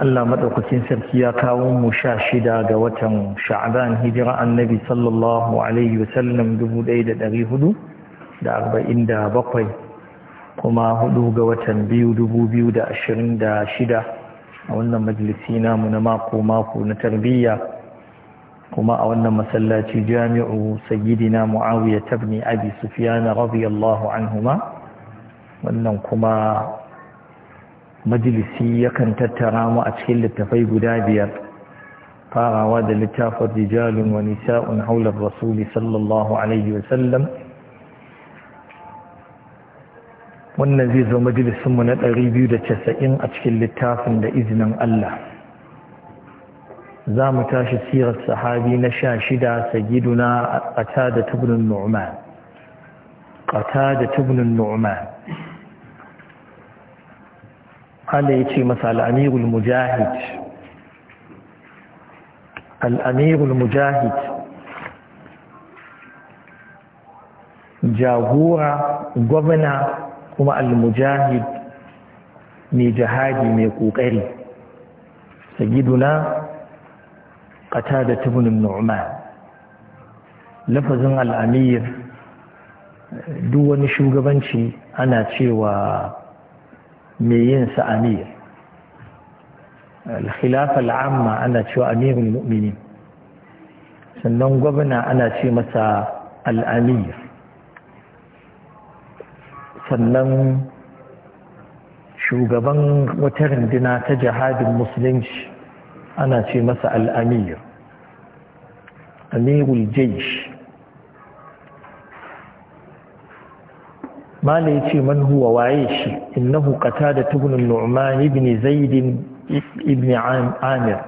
Allah maɗaukacin sarki ya kawo mu sha shida ga watan sha'aban hijira annabi sallallahu alaihi sallam dubu ɗaya da ɗari hudu da arba'in da bakwai kuma hudu ga watan biyu dubu biyu da ashirin da shida a wannan majalisi namu na mako mako na tarbiyya kuma a wannan masallaci jami'u sayyidina muawiya tabni abi sufyan radiyallahu anhuma wannan kuma majalisi yakan tattara mu a cikin littafai guda biyar farawa da littafin rijalun wa nisa'un haular rasuli sallallahu alaihi sallam. wannan zai zo majalisunmu na 290 a cikin littafin da izinin Allah za mu tashi sirar sahabi na sha shida sagiduna a ƙata da tubunin nu'man ƙata da tubunin nu'man ya masa masa Mujahid, mujahid al’amirul mujahid jagora gwamna kuma al-mujahid mai jihadi mai ƙoƙari, kokari ƙata da tubunin norma lafazin al'amir duk wani shugabanci ana cewa mai yin sa amir al al'amma ana cewa amirul mu'minin sannan gwamna ana ce masa al'amir sannan shugaban wata rindina ta jihadin musulunci ana ce masa al'amir amirul jaish mana ya ce man waye shi innahu qata da tubunin nu'man ibn zaid ibn amir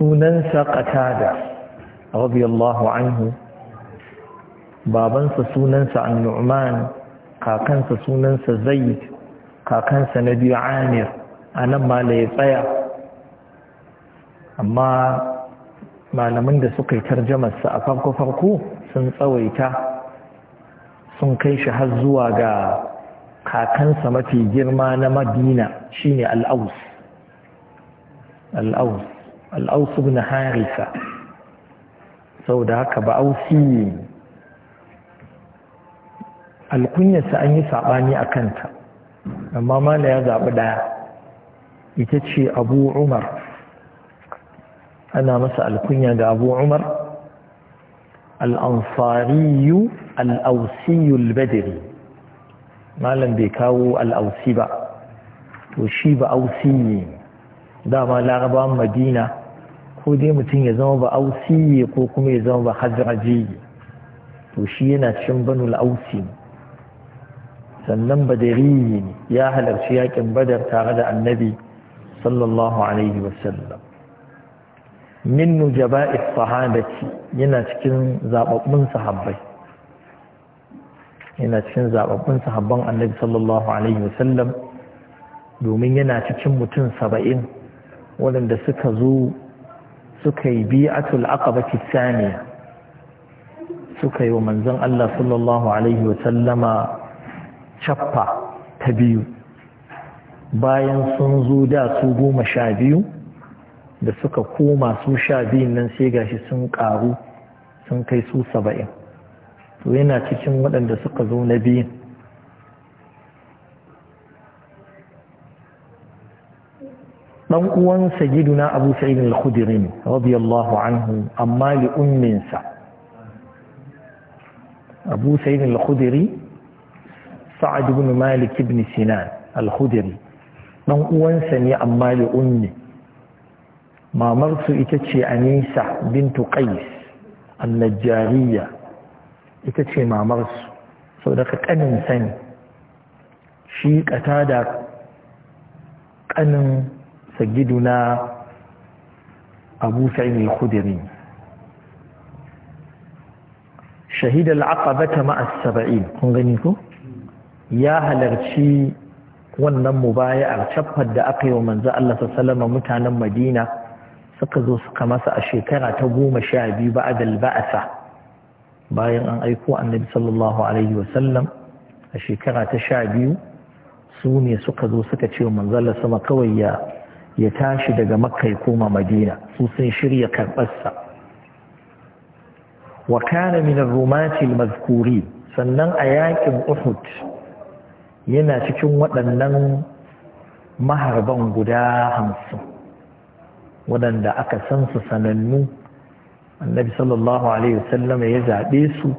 sunansa qata da radiyallahu anhu babansa sunansa annu'man kakansa sunansa zaid kakansa biyu amir anan mala ya tsaya amma malaman da suka yi tarjamarsa a farko-farko sun tsawaita sun kai shi har zuwa ga kakansa mafi girma na madina shine al'aus al'aus al'aus ibn harisa da haka ba ausi alkunyarsa an yi saɓani a kanta amma mala ya zaɓi ɗaya ita ce abu umar ana masa alkunya ga abu umar al'ansariyu al'ausiyul badiri malam bai kawo al'ausi ba to shi ba ausi ne dama larabawan madina ko dai mutum ya zama ba ausi ko kuma ya zama ba hajjiraji to shi yana cin banu al'ausi sannan badari ne ya halarci yaƙin badar tare da annabi sallallahu alaihi wasallam min nujaba'i sahabati yana cikin zababbun sahabbai yana cikin zababbun sahabban annabi sallallahu alaihi wasallam domin yana cikin mutum saba'in waɗanda suka zo suka yi bi'atul aqabati saniya suka yi wa manzon Allah sallallahu alaihi wasallama chaffa ta biyu bayan sun zo da su goma sha biyu da suka koma su sha biyun nan sai gashi sun ƙaru sun kai su saba'in to yana cikin waɗanda suka zo na biyun ɗan uwansa na abu sa'id al-khudri ne radiyallahu anhu amma li umminsa abu sa'id al-khudri sa'ad ibn malik ibn sinan al-khudri ɗan uwansa ne amma li ummi. mamarsu ita ce anisa bintu qais annajariya ita ce mamarsu sau kanin sani shi kata da kanin sagiduna abu sa'id al-khudri shahid al-aqabata ma'a saba'in kun gani ko ya halarci wannan mubaya'ar cafar da aka yi wa manzo Allah sallallahu alaihi wasallam mutanen Madina suka zo suka masa a shekara ta goma sha biyu ba adal ba'asa bayan an aiko annabi sallallahu alaihi wasallam a shekara ta sha biyu su ne suka zo suka ce manzala sama kawai ya ya tashi daga makka ya koma madina su sun shirya karɓarsa wa kana min ar-rumati al sannan a yakin Uhud yana cikin waɗannan maharban guda hamsin waɗanda aka san su sanannu annabi sallallahu alaihi wasallam ya zaɓe su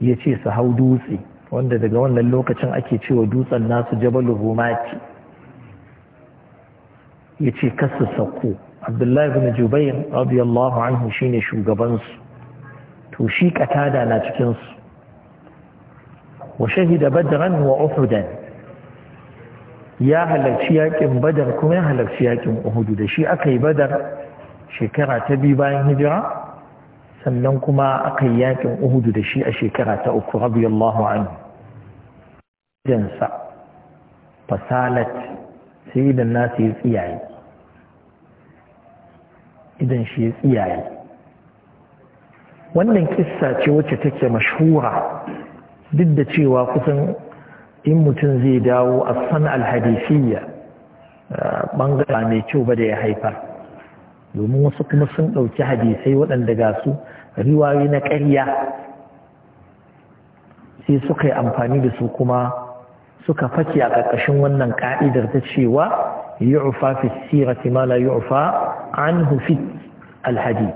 ya ce su hau dutse wanda daga wannan lokacin ake cewa dutsen nasu jabalu rumati ya ce kasu sako abdullahi bin jubair radiyallahu anhu shine shugabansu to shi katada na cikinsu wa shahida badran wa uhudan يا هلكشي يقين بدر كما يا هلكشي يقين أهود ده شي أكي بدر شكرا تبي باين هجرة سننكما أكي يقين أهود ده شي أشكرا تأكو ربي الله عنه جنسا فسالة سيد الناس يسيعي إذن شي يسيعي wannan kissa ce wacce take mashhura duk da cewa kusan in mutum zai dawo a san alhadisiyya bangara mai kyau ba da ya haifar domin wasu kuma sun ɗauki hadisai waɗanda ga su riwayoyi na ƙarya sai suka yi amfani da su kuma suka fake a ƙarƙashin wannan ƙa'idar ta cewa yu'fa fi sirati ma la yu'fa an fi alhadis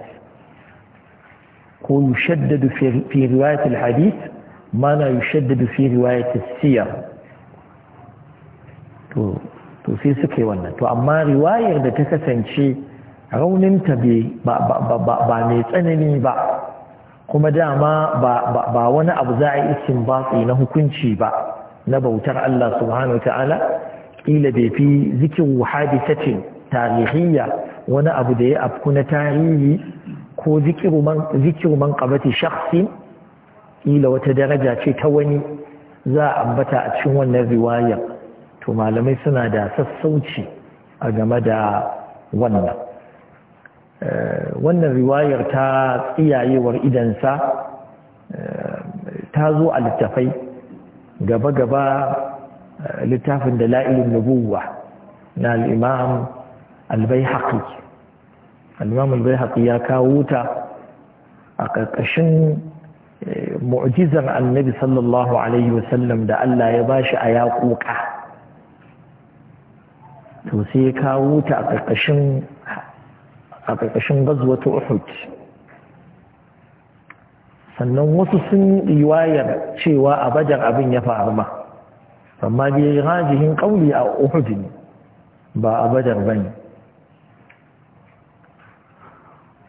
ko yushaddadu fi riwayat alhadis. ما لا يشدد في رواية السير تو to sai suka wannan to amma riwayar da ta kasance rauninta ba mai tsanani ba kuma dama ba wani abu za a yi isin batsi na hukunci ba na bautar Allah subhanahu ta'ala ƙila bai fi zikin hadisatin tarihiyya wani abu da ya afku na tarihi ko zikir man qabati shakhsin ƙila wata daraja ce ta wani za a ambata a cikin wannan riwayar to malamai suna da sassauci a game da wannan eh, wannan riwayar ta tsiyayewar idansa eh, ta zo a littafai gaba-gaba eh, littafin da la'ilin nubuwa na al'imam albai haƙi al'imam albai haƙi ya kawo ta a ƙarƙashin mu'jizar annabi sallallahu alaihi wasallam da Allah ya bashi a yaƙuƙa to sai ya kawo ta a ƙarƙashin a ƙarƙashin gazwatu uhud sannan wasu sun riwayar cewa a bajar abin ya faru ma amma bai rajihin ƙauli a uhud ne ba a bajar bane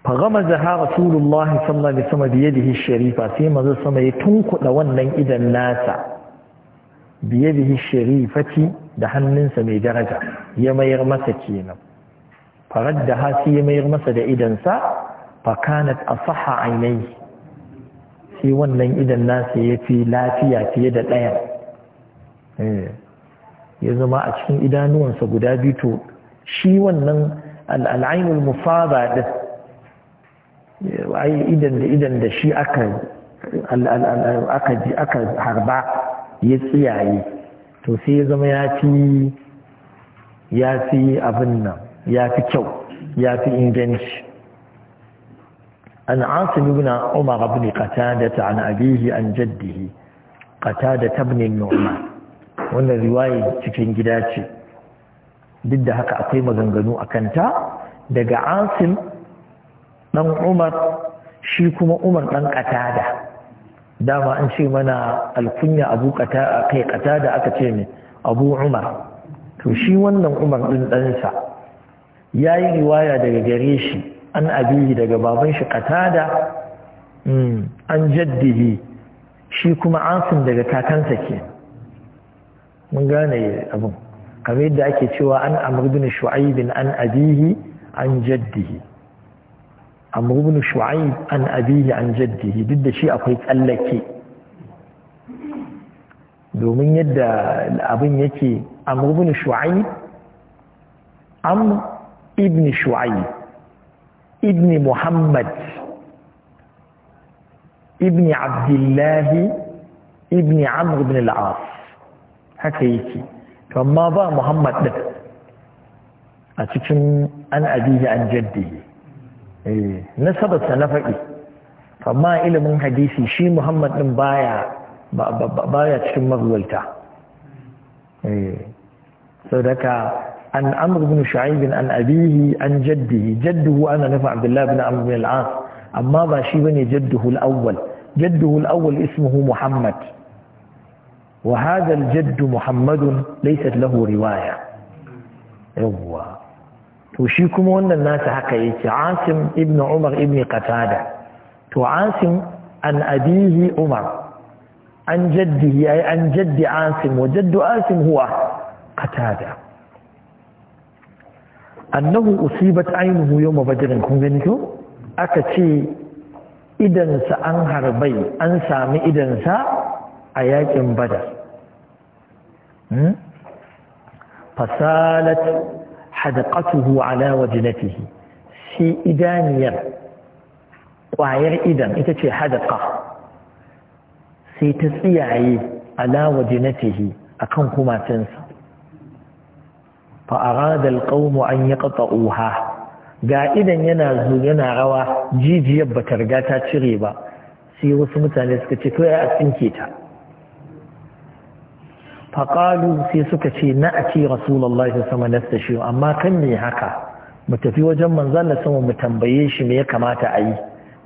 fagamaza ha rasulullahi sallallahu alaihi sama biye bihi sharifa sai manzo sama ya tunkuda wannan idan nasa biye bihi sharifati da hannunsa mai daraja ya mayar masa kenan farad da sai ya mayar masa da idan sa fa kanat asaha aynai sai wannan idan nasa ya fi lafiya fiye da ɗaya ya zama a cikin idanuwansa guda biyu to shi wannan al'ainul mufada ai idan da idan da shi aka aka aka harba ya tsiyaye to sai ya zama ya fi ya fi abin nan ya fi kyau ya fi inganci an asim nuna umar da ta, an abihi an jaddihi ta ibn noma, wanda riwaye cikin gida ce duk da haka akwai maganganu a kanta daga asim ɗan umar shi kuma umar ɗan ƙatada dama an ce mana alkunya abu kai ƙatada aka ce ne abu umar to shi wannan umar ɗin ɗansa ya yi riwaya daga gare shi an abiyi daga baban shi ƙatada mm, an jaddihi shi kuma asim daga kakansa ke mun gane abin kamar yadda ake cewa an amr bin shu'aib an abihi an jaddihi عمرو بن شعيب عن أبيه عن جده بدا شيء أقيت ألكي دو من يد الأبن يكي عمرو بن شعيب عمرو ابن شعيب ابن محمد ابن عبد الله ابن عمرو بن العاص هكا يكي فما ظا محمد ده أتكن عن أبيه عن جده Eh, nasabarsa na faɗi amma ilimin hadisi shi muhammad ɗin baya baya cikin magwalta eh, sau daga an amur bin sha'ibin an abihi an jaddihi jadduhu ana nufin abdullahi bin amur al'as amma ba shi bane jadduhu al'awwal jadduhu al'awwal ismuhu muhammad وهذا jaddu محمد ليست lahu riwaya yawwa. to shi kuma wannan nasa haka yake asim ibn umar ibn qatada to asim an abihi umar an jaddihi ay an jaddi asim wa jaddu asim huwa qatada annahu usibat aynuhu yawm badr kun gani ko aka ce idansa an harbai an sami idansa a yakin badar hmm? fasalat hadaƙatuhu ala wajnatihi shi idaniyar ƙwayar idan ita ce hadaƙa sai ta tsiyaye ala wajnatihi akan kumatinsa fa arada alqawm an uha ga idan yana zu yana rawa jijiyar bata riga ta cire ba sai wasu mutane suka ce to ya tsinke ta faƙalu sai suka ce na a ce rasulallah ya sama nasta shi amma kan ne haka mu tafi wajen manzan na sama mu tambaye shi me ya kamata a yi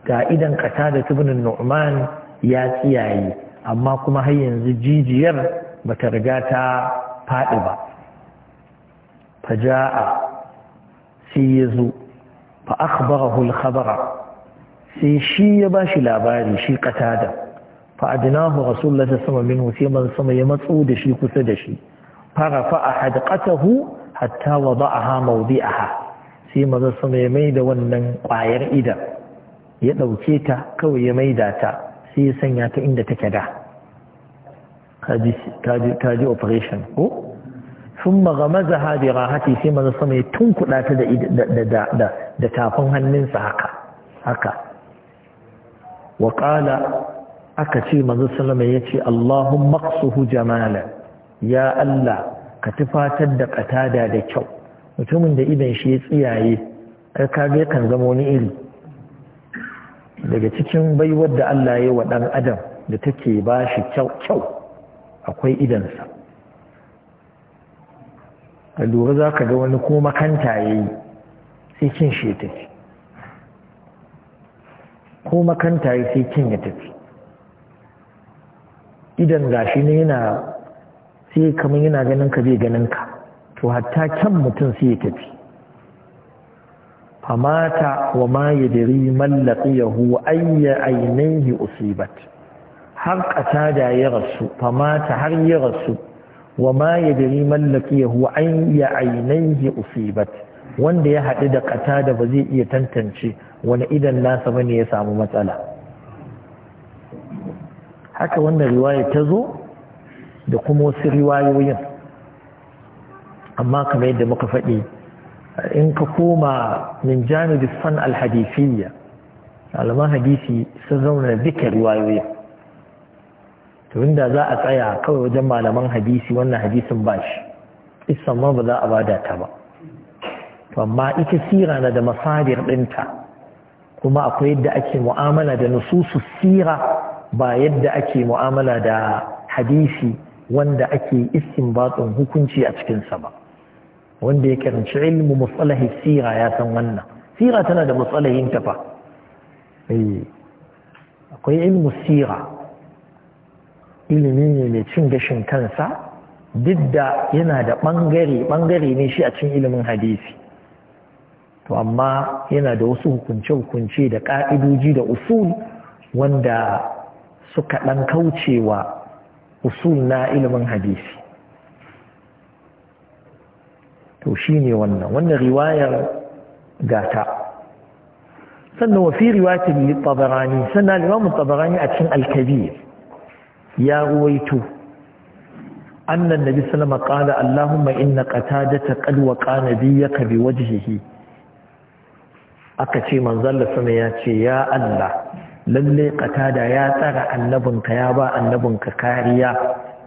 ga idan kata da tubinin nu'man ya tsiyaye amma kuma har yanzu jijiyar ba ta riga ta faɗi ba faja'a sai ya zo fa akhbarahu al-khabara sai shi ya bashi labari shi ƙatada. fa’adinahu rasulullah sassama min husimar sama ya matso da shi kusa da shi farafa a hadƙatahu hatta wa ba a hamau bi a ha sai maza sama ya mai da wannan ƙwayar ida ya ɗauke ta kawai ya mai ta sai ya sanya ta inda take da kaji operation ko sun magama zahabira haka sai maza sama ya tun ta da tafin hannunsa haka haka wa aka ce manzo sallama ya ce Allahumma qsuhu jamala ya Allah ka tufatar da katada da kyau mutumin da idan shi ya tsiyaye kai kan zama wani iri daga cikin baiwar da Allah ya wa ɗan adam da take ba shi kyau kyau akwai idansa a lura za ka ga wani ko makanta ya yi sai kin shi ya tafi ko makanta ya sai kin ya tafi idan gashi ne yana sai kamar yana ganin ka bai ganin ka to hatta kyan mutum sai ya tafi famata wa ma ya yadri man laqiyahu ayya aynayhi usibat har da ya rasu famata har ya rasu wa ma ya yadri man laqiyahu ayya aynayhi usibat wanda ya haɗu da da ba zai iya tantance wani idan nasa bane ya samu matsala haka wannan riwaya ta zo da kuma wasu riwayoyin amma kamar yadda muka faɗi in ka koma min janibis fan alhadisiyya malaman hadisi sun zauna duka riwayoyin to inda za a tsaya kawai wajen malaman hadisi wannan hadisin ba shi isan ma ba za a bada ta ba to amma ita sira na da masadir ɗinta kuma akwai yadda ake mu'amala da nususu sira ba yadda ake mu'amala da hadisi wanda ake istinbatun hukunci a cikinsa ba wanda ya karanci ilmu matsalahi sira ya san wannan sira tana da ta tafa eh, akwai ilmu sira ilimi ne mai cin gashin kansa duk da yana da ɓangare ɓangare ne shi a cin ilimin hadisi to amma yana da wasu hukunce-hukunce da ƙa'idoji da usul wanda suka ɗan kauce wa na ilimin hadisi to shi ne wannan wannan riwayar gata sannan wafi riwayatin tabarani sannan limamin tabarani a cikin alkabir ya ruwaito annan nabi sallama qala allahumma inna qatadata qad waqa nabiyyaka biwajhihi aka ce manzon Allah ya ce ya Allah lalle qatada ya tsara annabinka ya ba annabinka kariya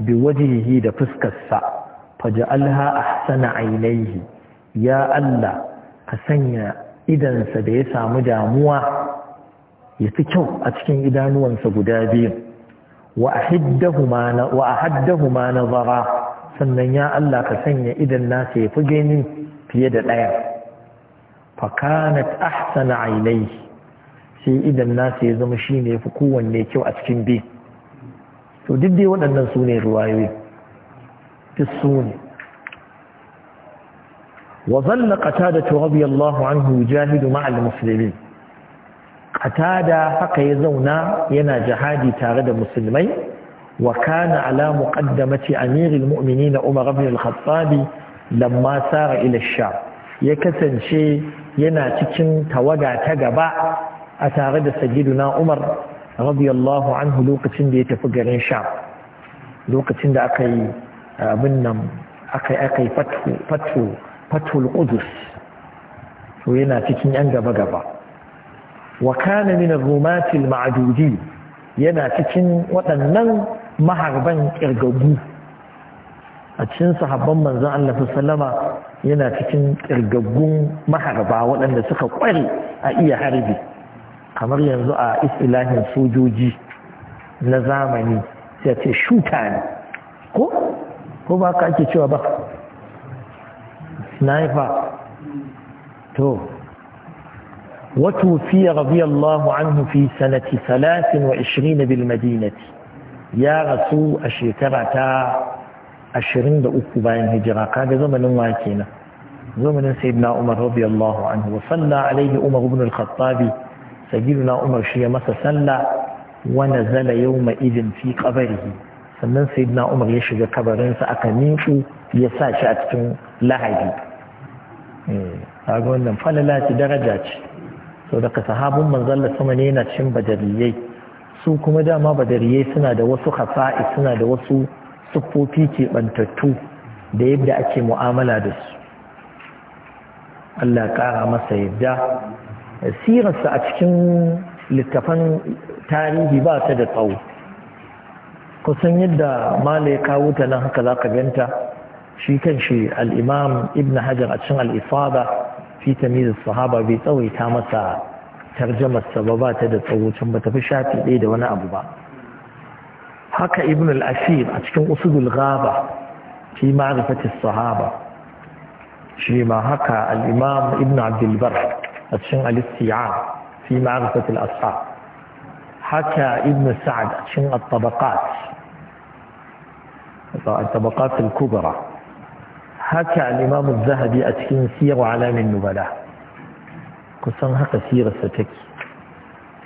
bi wajihi da fuskarsa faj'alha ahsana ainihi ya Allah ka sanya idansa da ya samu damuwa ya fi kyau a cikin idanuwansa guda biyu wa ahaddahuma nazara sannan ya Allah ka sanya idan nasa ya fi gani fiye da ɗaya fakanat ahsana ainihi sai idan nasa ya zama shi ne fi kowanne kyau a cikin bi to duk waɗannan su ne ruwayoyi duk su ne wa zalla kata da tawabi Allah jahidu ma'al musulmi kata haka ya zauna yana jihadi tare da musulmai wa kana ala muqaddamati amirul mu'minin umar ibn al-khattab lamma sara ila ash ya kasance yana cikin tawaga ta gaba a tare da na Umar radiyallahu anhu lokacin da ya tafi garin Sham lokacin da aka yi abin nan aka yi fatul to yana cikin yan gaba gaba wa kana min rumatil rumati yana cikin waɗannan maharban kirgagu a cikin sahabban manzon Allah sallama yana cikin kirgaggun maharba waɗanda suka ƙware a iya harbi kamar yanzu a istilahin sojoji na zamani sai ce ne ko ko ba ake cewa ba sniper to watufi ya rabi Allahu an hufi sanati salasin wa ishirin bil madinati ya rasu a shekara ta ashirin da uku bayan hijira kaga zamanin wa kenan zamanin sayyidina umar rabi Allahu an hufi sallah alaihi umar ibn al-khattabi sayyiduna umar shi ya masa sallah wa nazala yawma idin fi kabari sannan sayyiduna umar ya shiga kabarinsa aka miƙu ya sa shi a cikin lahadi kaga wannan falala ce daraja ce sau daga sahabin manzalla sama ne yana cin badariyai su kuma dama badariyai suna da wasu hasa'i suna da wasu siffofi bantattu da yadda ake mu'amala da su Allah ƙara masa yadda sirarsa a cikin littafan tarihi ba ta da tsawo kusan yadda mala ya kawo ta nan haka za ka ganta shi kan shi al'imam ibn hajar a cikin al'ifada fi sahaba bai tsawaita masa tarjamarsa ba ba ta da tsawo can ba tafi shafi ɗaya da wani abu ba haka ibn al-ashir a cikin Usulul ghaba fi ma'rifati sahaba shi ma haka al-imam ibn abdul bar أتشن الاستيعاب في معرفة الأصحاب حكى ابن سعد أتشن الطبقات الطبقات الكبرى حكى الإمام الذهبي أتشن سير علام النبلاء كسن هكا سير ستكي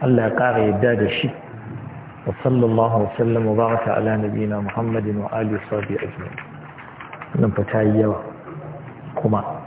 الله قارئ الداد الشيء وصلى الله وسلم وبارك على نبينا محمد وآله وصحبه أجمعين. نمتعي يوم. kuma